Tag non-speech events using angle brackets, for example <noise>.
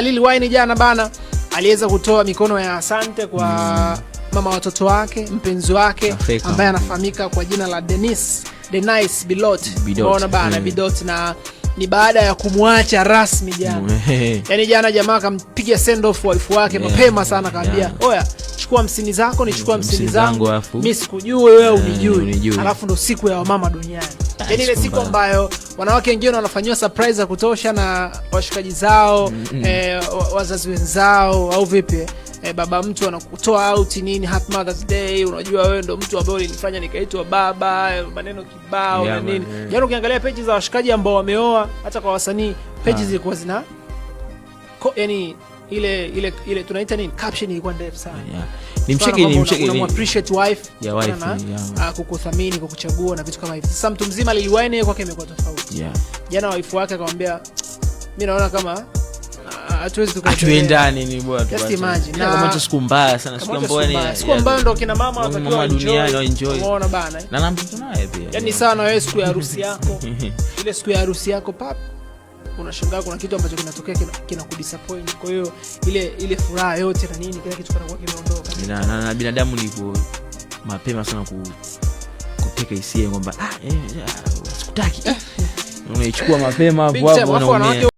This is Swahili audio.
Lil Wayne jana bana aliweza kutoa mikono ya asante kwa mm. mama watoto wake, mpenzi wake ambaye anafahamika kwa jina la Denise Denise Bilot, unaona bana mm. Bidot na ni baada ya kumwacha rasmi jana. Yaani jana jamaa akampiga send off wife wake mapema sana, akamwambia oya, chukua hamsini zako, nichukua hamsini zangu, mimi sikujui wewe unijui, alafu ndo siku ya wamama duniani yani ile siku ambayo wanawake wengine wanafanyiwa surprise ya kutosha na washikaji zao mm -hmm. eh, wazazi wenzao au vipi E, baba mtu anakutoa out nini, happy Mother's Day, unajua wewe ndo mtu ambaye ulinifanya nikaitwa baba, eh, maneno kibao yeah, na nini yeah. Yaani ukiangalia peji za washikaji ambao wameoa hata kwa wasanii peji ah. zilikuwa zina yani ile ile ile tunaita nini, caption ilikuwa ndefu sana. yeah. ni ni nimcheki, una appreciate wife ya yeah, wife yeah. ya ah, kukuthamini, kwa kuchagua na vitu kama hivyo. Sasa mtu mzima Lil Wayne kwake imekuwa tofauti. yeah. Jana wife wake akamwambia, mimi naona kama ah, hatuwezi tukaa tukaendane, ni bora tu just imagine. Na kama tu siku mbaya sana, siku mbaya, ni siku mbaya ndio kina mama watakiwa duniani enjoy, unaona bana, na nambo tunaye pia, yani sana wewe siku ya harusi yako <laughs> ile siku ya harusi yako pap unashangaa kuna kitu ambacho kinatokea kina kudisappoint Kwa hiyo ile ile furaha yote na nini, kila kitu kinakuwa kimeondoka, na, na, na binadamu ni mapema sana ku, kuteka hisia kwamba ah, eh, ah, sikutaki eh, eh. unaichukua mapema hapo hapo